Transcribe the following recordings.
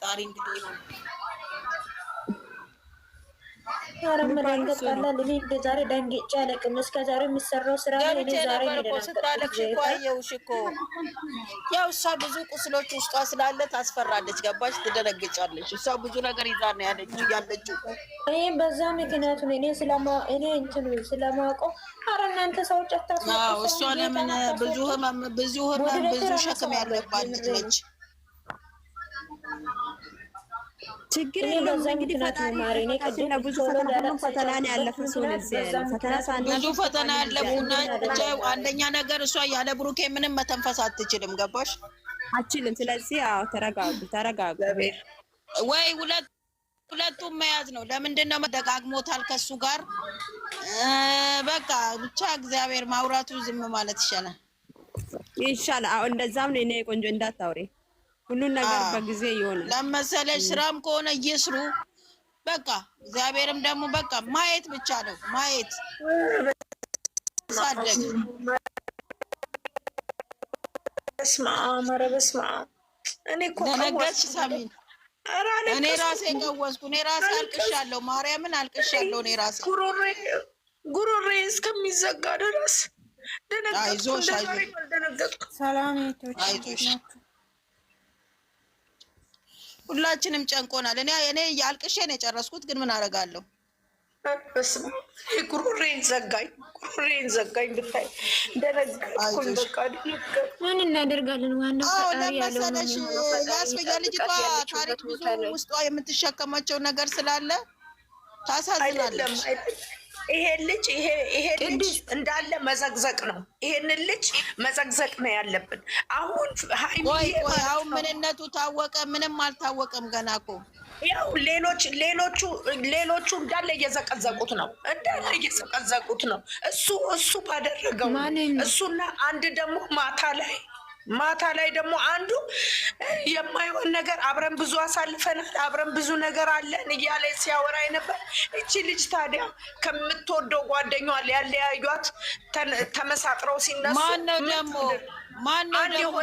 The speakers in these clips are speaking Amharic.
ፈጣሪ እንግዲህ ነው። ረመዳን ገባላል። እኔ እንደ ዛሬ ደንግጬ አለቅም። እስከ ዛሬ የሚሰራው ስራ ስታለቅሽ እኮ አየሁሽ እኮ። ያው እሷ ብዙ ቁስሎች ውስጧ ስላለ ታስፈራለች። ገባች? ትደነግጫለች። እሷ ብዙ ነገር ይዛ ነው ያለችው ያለችው። እኔም በዛ ምክንያቱ እኔ እኔ እንትን ስለማውቀው ኧረ እናንተ ሰዎች አታስ እሷ ለምን ብዙ ህመም ብዙ ህመም ብዙ ሸክም ያለባት ነች ችግር የለውም እንግዲህ ፈጣሪ ብዙ ፈተና ነው ያለፉ ብዙ ፈተና ያለፉና አንደኛ ነገር እሷ ያለ ብሩኬ ምንም መተንፈስ አትችልም። ገባሽ አችልም። ስለዚህ ተረጋጉ፣ ተረጋጉ ወይ ሁለቱም መያዝ ነው። ለምንድን ነው መደጋግሞታል ከሱ ጋር በቃ ብቻ እግዚአብሔር ማውራቱ ዝም ማለት ይሻላል፣ ይሻላል። እንደዛም ነው። እኔ ቆንጆ እንዳታውሬ ሁሉን ነገር በጊዜ ይሆናል። ለመሰለ ስራም ከሆነ እየስሩ በቃ እግዚአብሔርም ደግሞ በቃ ማየት ብቻ ነው ማየት ሳደግ ደነገጥሽ ሳሚን እኔ ራሴ ቀወስኩ። እኔ ራሴ አልቅሻለሁ፣ ማርያምን አልቅሻለሁ። እኔ ራሴ ጉሮሬ ጉሮሬ እስከሚዘጋ ድረስ ደነገጥኩ። ሰላም ቶች ሁላችንም ጨንቆናል። እኔ እኔ አልቅሼ ነው የጨረስኩት፣ ግን ምን አደርጋለሁ? ጉሮሬን ዘጋኝ፣ ጉሮሬን ዘጋኝ። ብታይ ደነገጥኩኝ፣ በቃ ምን እናደርጋለን? ዋናው ለመሰለሽ ያስበያ ልጅቷ ታሪክ ብዙ ውስጧ የምትሸከማቸው ነገር ስላለ ታሳዝናለች። ይሄን ልጅ ይሄ ልጅ እንዳለ መዘግዘቅ ነው። ይሄን ልጅ መዘግዘቅ ነው ያለብን። አሁን አሁን ምንነቱ ታወቀ? ምንም አልታወቀም ገና እኮ ያው ሌሎች ሌሎቹ ሌሎቹ እንዳለ እየዘቀዘቁት ነው እንዳለ እየዘቀዘቁት ነው። እሱ እሱ ባደረገው እሱና አንድ ደግሞ ማታ ላይ ማታ ላይ ደግሞ አንዱ የማይሆን ነገር አብረን ብዙ አሳልፈናል፣ አብረን ብዙ ነገር አለን እያለ ሲያወራ ነበር። እቺ ልጅ ታዲያ ከምትወደው ጓደኛዋ ያለያዩት ተመሳጥረው ሲነሱ ማነው ደግሞ ማነው ደግሞ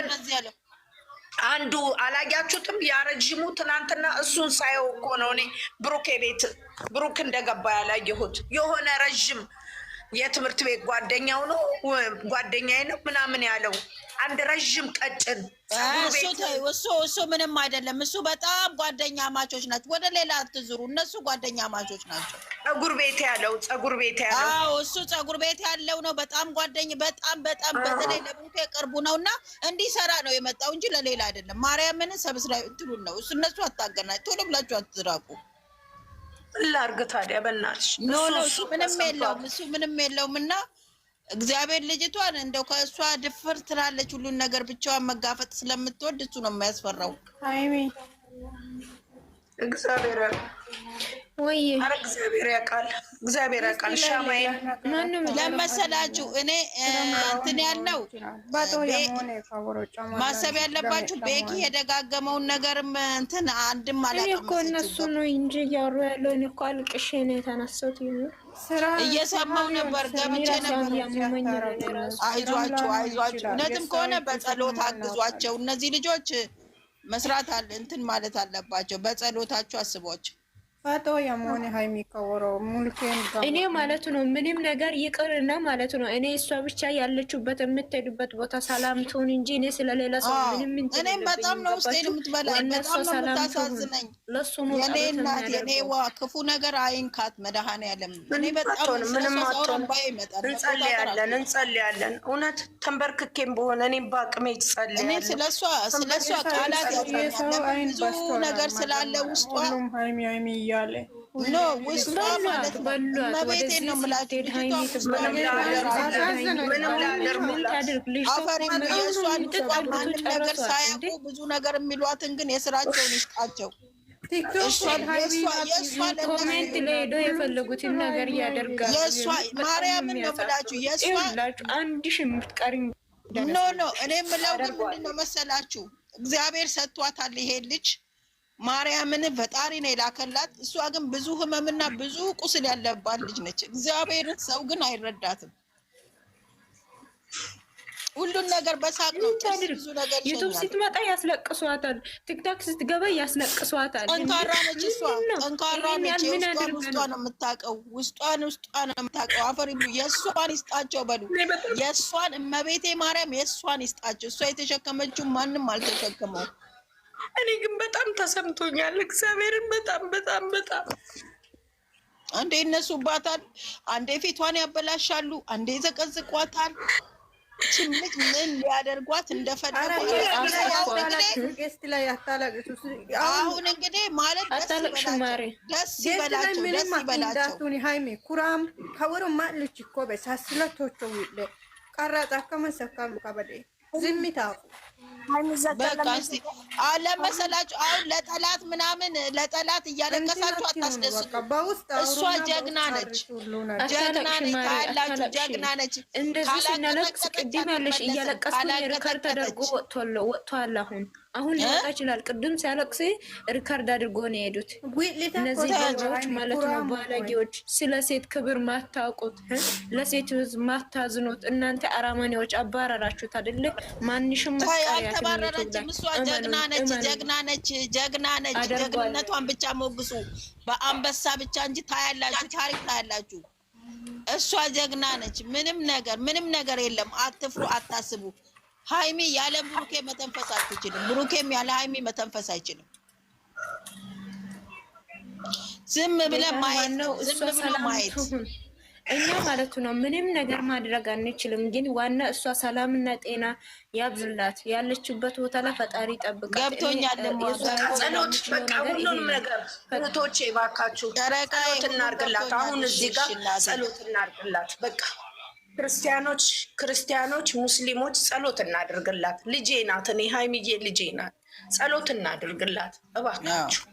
አንዱ አላያችሁትም? ያረጅሙ ትናንትና እሱን ሳየው እኮ ነው እኔ ብሩኬ ቤት ብሩክ እንደገባ ያላየሁት የሆነ ረዥም የትምህርት ቤት ጓደኛው ነው ጓደኛዬ ነው ምናምን ያለው አንድ ረዥም ቀጭን እሱ እሱ ምንም አይደለም። እሱ በጣም ጓደኛ ማቾች ናቸው። ወደ ሌላ አትዙሩ። እነሱ ጓደኛ ማቾች ናቸው። ጸጉር ቤት ያለው ጸጉር ቤት ያለው እሱ ጸጉር ቤት ያለው ነው። በጣም ጓደኛ በጣም በጣም በተለይ ለብሩክ ቅርቡ ነው እና እንዲሰራ ነው የመጣው እንጂ ለሌላ አይደለም። ማርያምን ላይ ትሉን ነው እሱ እነሱ አታገናኝ። ቶሎ ብላችሁ አትዝራቁ። ላርግ ታዲያ በእናትሽ። ኖ ኖ እሱ ምንም የለውም እሱ ምንም የለውም። እና እግዚአብሔር ልጅቷን እንደው ከእሷ ድፍር ትላለች ሁሉን ነገር ብቻዋን መጋፈጥ ስለምትወድ እሱ ነው የሚያስፈራው። አይሚ እግዚአብሔር ኧረ እግዚአብሔር ያውቃል፣ እግዚአብሔር ያውቃል። ለመሰላችሁ እኔ እንትን ያልነው ማሰብ ያለባችሁ ቤኪ የደጋገመውን ነገርም እንትን አንድም አላውቅም እኮ እነሱ ነው እንጂ እያወሩ ያለው እኔ እኮ አልቅሼ ነው የተነሳሁት። ነበር፣ ገብቼ ነበር። እውነትም ከሆነ በጸሎት አግዟቸው። እነዚህ ልጆች መስራት አለ እንትን ማለት አለባቸው። በጸሎታችሁ አስቧቸው። ፋጦ የመሆን ሀይ ከወረው ሙልኬን እኔ ማለት ነው። ምንም ነገር ይቅርና ማለት ነው። እኔ እሷ ብቻ ያለችበት የምትሄዱበት ቦታ ሰላም ትሁን እንጂ እኔ ስለሌላ ሰው ምንም እንጂ በጣም ነው ውስጥ የምትበላኝ። በጣም ነው የምታሳዝነኝ። የኔ እናት የኔ ዋ ክፉ ነገር አይንካት መድኃኔዓለም። እኔ በጣም ምንም አጥቶን ይመጣል። እንጸልያለን እንጸልያለን። እውነት ተንበርክኬም በሆነ እኔ በአቅሜ ይጸልያለን። እኔ ስለሷ ስለሷ ቃላት ያጥረኛል። ብዙ ነገር ስላለ ውስጧ እያለ ኖ ውስጧ ማለት ነው። እመቤቴን ነው የምላችሁ። አፈሪም ነገር ሳያውቁ ብዙ ነገር የሚሏትን ግን የስራቸውን ይስጣቸው። ኮሜንት ላይ ሄዶ የፈለጉትን ነገር ያደርጋል። ማርያምን ነው የምላችሁ። አንድ ሺህ የምትቀሪ ኖ ኖ እኔ የምለው ግን ምንድን ነው መሰላችሁ፣ እግዚአብሔር ሰጥቷታል ልጅ ማርያምን ፈጣሪ ነው የላከላት። እሷ ግን ብዙ ህመምና ብዙ ቁስል ያለባት ልጅ ነች። እግዚአብሔርን ሰው ግን አይረዳትም። ሁሉን ነገር በሳቅ ነው። ዩቱብ ስትመጣ ያስለቅሷታል፣ ቲክታክ ስትገባ ያስለቅሷታል። ጠንካራ ነች እሷ፣ ጠንካራ ነች። ውስጧን ውስጧ ነው የምታውቀው፣ ውስጧን ውስጧ ነው የምታውቀው። አፈር ይብሉ፣ የእሷን ይስጣቸው በሉ። የእሷን እመቤቴ ማርያም የእሷን ይስጣቸው። እሷ የተሸከመችው ማንም አልተሸከመው እኔ ግን በጣም ተሰምቶኛል። እግዚአብሔርን በጣም በጣም በጣም አንዴ ይነሱባታል፣ አንዴ ፊቷን ያበላሻሉ፣ አንዴ ዘቀዝቋታል። ችምት ምን ሊያደርጓት እንደፈለጉአሁን እንግዲህ ማለት ደስ ይበላቸው፣ ደስ ይበላቸው። ሃይሜ ኩራም ከወሮ ማልች እኮ በሳስለቶቸው ቀራጻ ከመሰካሉ ከበደ ዝምታፉ አለመሰላችሁ? አሁን ለጠላት ምናምን ለጠላት እያለቀሳችሁ አታስደስቱ። እሷ ጀግና ነች፣ ጀግና ነች ካላችሁ ጀግና ነች። እንደዚህ ስናለቅስ ቅድም ያለሽ እያለቀስኩ ሪከርድ ተደርጎ ወጥቷል። አሁን አሁን ሊመጣ ይችላል። ቅድም ሲያለቅስ ሪካርድ አድርጎ ነው የሄዱት። እነዚህ ገዛዎች ማለት ነው ባለጌዎች፣ ስለ ሴት ክብር ማታውቁት፣ ለሴት ህዝብ ማታዝኑት እናንተ አራማኔዎች አባረራችሁት አይደል? ማንሽም አልተባረረችም። እሷ ጀግና ነች፣ ጀግና ነች፣ ጀግና ነች። ጀግንነቷን ብቻ ሞግሱ። በአንበሳ ብቻ እንጂ ታያላችሁ፣ ታሪክ ታያላችሁ። እሷ ጀግና ነች። ምንም ነገር ምንም ነገር የለም። አትፍሩ፣ አታስቡ። ሀይሚ ያለ ብሩኬ መተንፈስ አትችልም። ብሩኬም ያለ ሀይሚ መተንፈስ አይችልም። ዝም ብለ ማየት ነው። ዝም ብሎ ማየት እኛ ማለቱ ነው። ምንም ነገር ማድረግ አንችልም፣ ግን ዋና እሷ ሰላምና ጤና ያብዝላት፣ ያለችበት ቦታ ላይ ፈጣሪ ይጠብቃል። ገብቶኛል። ጸሎት በቃ ሁሉንም ነገር እህቶቼ፣ እባካችሁ ጸሎት እናርግላት። አሁን እዚህ ጋር ጸሎት እናርግላት በቃ ክርስቲያኖች ክርስቲያኖች ሙስሊሞች ጸሎት እናድርግላት። ልጄ ናት። እኔ ሀይሚዬ ልጄ ናት። ጸሎት እናድርግላት እባካችሁ።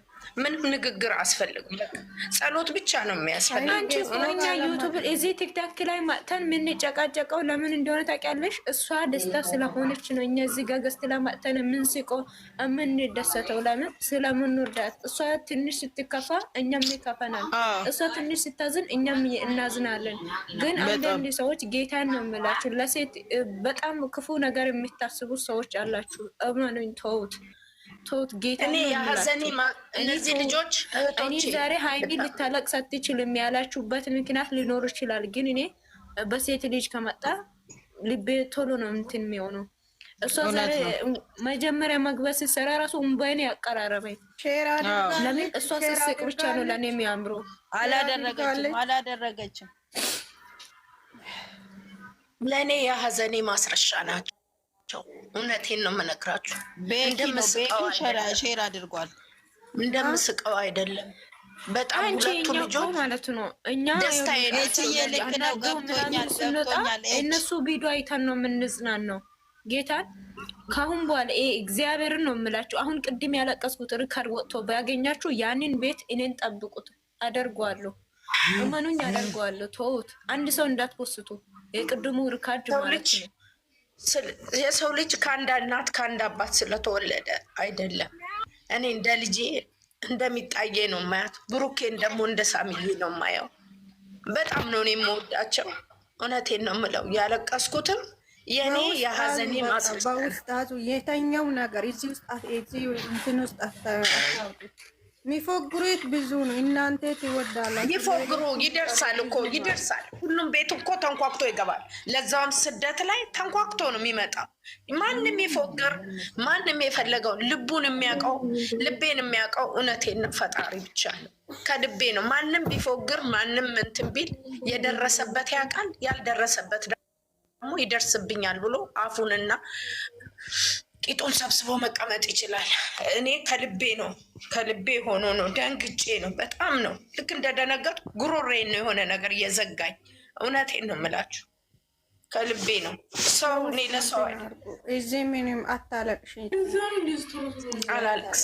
ምንም ንግግር አስፈልግም። ጸሎት ብቻ ነው የሚያስፈልግ። እኛ ዩቱብ እዚህ ቲክታክ ላይ ማጥተን የምንጨቃጨቀው ለምን እንደሆነ ታውቂያለሽ? እሷ ደስታ ስለሆነች ነው። እኛ እዚህ ጋር ገስት ላይ ማጥተን የምንስቆ የምንደሰተው ለምን ስለምንወዳት። እሷ ትንሽ ስትከፋ እኛም ይከፈናል፣ እሷ ትንሽ ስታዝን እኛም እናዝናለን። ግን አንዳንድ ሰዎች ጌታን ነው የምላችሁ፣ ለሴት በጣም ክፉ ነገር የሚታስቡ ሰዎች አላችሁ። እመኑኝ፣ ተውት። ቶት ጌታ እኔ ያዘኒ እነዚህ ልጆች እኔ ዛሬ ሀይሚ ልታለቅስ አትችልም ያላችሁበት ምክንያት ሊኖር ይችላል። ግን እኔ በሴት ልጅ ከመጣ ልቤ ቶሎ ነው እንትን የሚሆነው። እሷ ዛሬ መጀመሪያ መግባት ስትሰራ ራሱ እምባዬን ያቀራረበኝ። ለምን እሷ ስትስቅ ብቻ ነው ለእኔ የሚያምሩ። አላደረገችም አላደረገችም። ለእኔ የሀዘኔ ማስረሻ ናቸው። ናቸው። እውነቴን ነው የምነግራችሁ። ሼር አድርጓል። እንደምስቀው አይደለም። በጣም ሁለቱ ልጆች ማለት ነው። እኛ እነሱ ቪዲዮ አይተን ነው የምንዝናን ነው። ጌታን ከአሁን በኋላ ይሄ እግዚአብሔርን ነው የምላችሁ። አሁን ቅድም ያለቀስኩት ሪከርድ ወጥቶ ባያገኛችሁ ያንን ቤት እኔን ጠብቁት፣ አደርጓለሁ። እመኑኝ፣ አደርጓለሁ። ተውት፣ አንድ ሰው እንዳትወስቱ። የቅድሙ ሪከርድ ማለት ነው። የሰው ልጅ ከአንድ እናት ከአንድ አባት ስለተወለደ አይደለም። እኔ እንደ ልጄ እንደሚጣዬ ነው ማያት። ብሩኬን ደግሞ እንደ ሳሚዬ ነው ማየው። በጣም ነው እኔ የምወዳቸው። እውነቴን ነው ምለው። ያለቀስኩትም የኔ የሀዘኔ ማጽበውስጣቱ የተኛው ነገር እዚህ ውስጥ እንትን ውስጥ ሚፎግሩት ብዙ ነው። እናንተ ትወዳላችሁ። ይፎግሩ፣ ይደርሳል እኮ ይደርሳል። ሁሉም ቤት እኮ ተንኳክቶ ይገባል። ለዛውም ስደት ላይ ተንኳክቶ ነው የሚመጣው። ማንም ይፎግር፣ ማንም የፈለገው ልቡን የሚያውቀው ልቤን የሚያውቀው እውነቴን ፈጣሪ ብቻ ነው። ከልቤ ነው። ማንም ቢፎግር፣ ማንም እንትን ቢል የደረሰበት ያውቃል። ያልደረሰበት ደግሞ ይደርስብኛል ብሎ አፉንና ቂጡን ሰብስቦ መቀመጥ ይችላል። እኔ ከልቤ ነው ከልቤ ሆኖ ነው ደንግጬ ነው በጣም ነው ልክ እንደደነገጥ ጉሮሬ ነው የሆነ ነገር እየዘጋኝ እውነቴን ነው የምላችሁ ከልቤ ነው። ሰው እኔ ለሰው እዚህ ምንም አታለቅሽ። አላለቅስ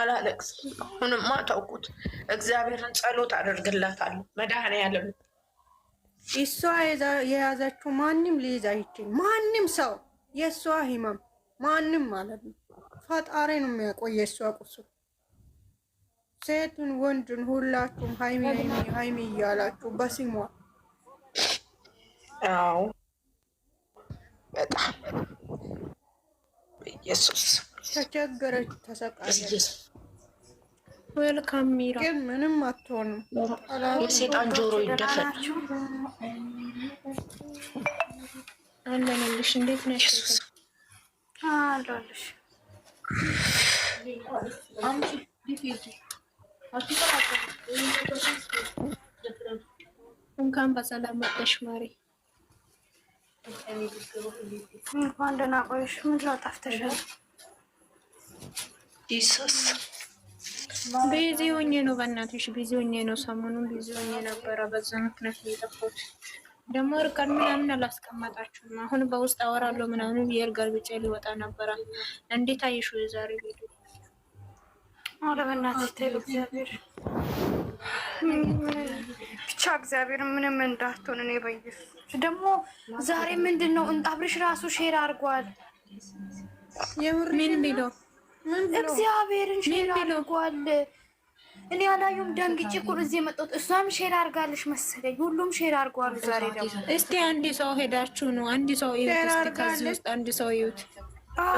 አላለቅስም። አሁንማ ተውኩት። እግዚአብሔርን ጸሎት አደርግላታለሁ መድኃኔዓለም እሷ የያዘችው ማንም ሊይዝ አይችል ማንም ሰው የእሷ ህመም ማንም ማለት ነው። ፈጣሪ ነው የሚያቆየ የእሷ ቁሱ። ሴቱን ወንድን፣ ሁላችሁም ሀይሚ ሀይሚ እያላችሁ በስሟ አዎ፣ በጣም ኢየሱስ ተቸገረች፣ ተሰቃየች። ወልካም ሚራ ግን ምንም አትሆንም። የሴጣን ጆሮ ይደፈን። አለንልሽ። እንዴት ነሽ? እንኳን በሰላም መጣሽ ማሪ። እንኳን ደህና ቆየሽ። ምን ነው ጠፍተሻል? ኢየሱስ ቢዚ ሆኜ ነው፣ በእናትሽ ቢዚ ሆኜ ነው። ሰሞኑን ቢዚ ሆኜ ነበረ። በዛ ምክንያት ነው የጠፋሁት። ደግሞ እርቃን ምናምን አላስቀመጣችሁም። አሁን በውስጥ አወራለሁ ምናምን የእርጋር ብቻ ሊወጣ ነበረ። እንዴት አየሹ የዛሬ ቤቱ? ብቻ እግዚአብሔር ምንም እንዳትሆን እኔ በየሱ ደግሞ ዛሬ ምንድን ነው እንጣብርሽ ራሱ ሼር አድርጓል። ምን ሚለው እግዚአብሔርን ሼር አድርጓል። እኔ አላየሁም። ደንግጬ እኮ እዚህ የመጣሁት እሷም ሼር አድርጋለች መሰለኝ። ሁሉም ሼር አድርጓሉ። ዛሬ ደግሞ እስቲ አንድ ሰው ሄዳችሁ ነው አንድ ሰው ይዩት። እስቲ ከዚህ ውስጥ አንድ ሰው ይዩት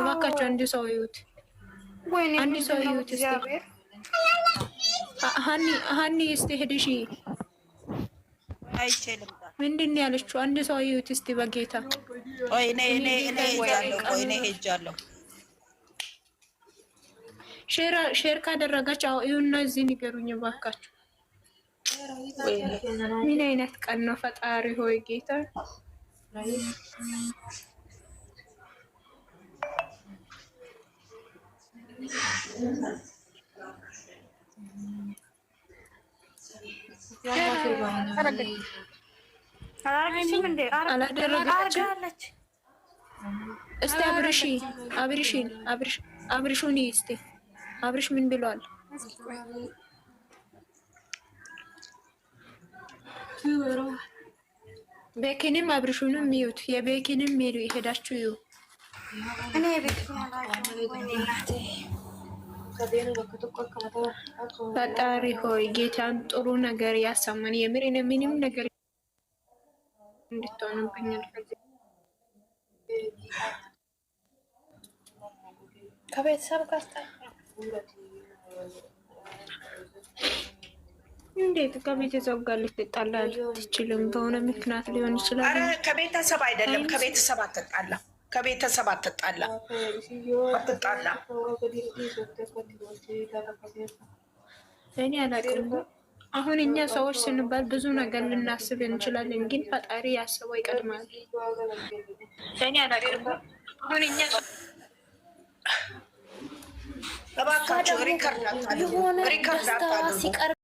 እባካችሁ፣ አንድ ሰው ይዩት። አንድ ሰው ይዩት። እስቲ ሀኒ እስቲ ሄድሽ አይችልም። ምንድን ያለችው? አንድ ሰው ይዩት እስቲ በጌታ። ወይኔ እኔ እኔ ሄጃለሁ፣ ሄጃለሁ ሼር ካደረጋች አሁ ይሁና እዚህ ንገሩኝ ባካችሁ። ምን አይነት ቀን ነው? ፈጣሪ ሆይ ጌታ አላደረጋችም። እስቲ አብርሽ አብርሽን አብርሽ አብርሹን እስቲ አብርሽ ምን ብሏል? ቤኪንም አብርሹንም እዩት። የቤኪንም ሄዱ ይሄዳችሁ እዩ። ፈጣሪ ሆይ ጌታን ጥሩ ነገር ያሰማን። የምር እኔ ምንም ነገር እንድትሆንብኝ ከቤተሰብ ጋር እንዴት ከቤተሰብ ጋር ልትጣላ ትችልም? በሆነ ምክንያት ሊሆን ይችላል። አረ ከቤተሰብ አይደለም፣ ከቤተሰብ አትጣላ፣ ከቤተሰብ አትጣላ፣ አትጣላ። እኔ አላቅም። አሁን እኛ ሰዎች ስንባል ብዙ ነገር ልናስብ እንችላለን፣ ግን ፈጣሪ ያስበው ይቀድማል። እኔ አላቅም። አሁን እኛ እባካችሁ ሪከርድ አታድርጉ።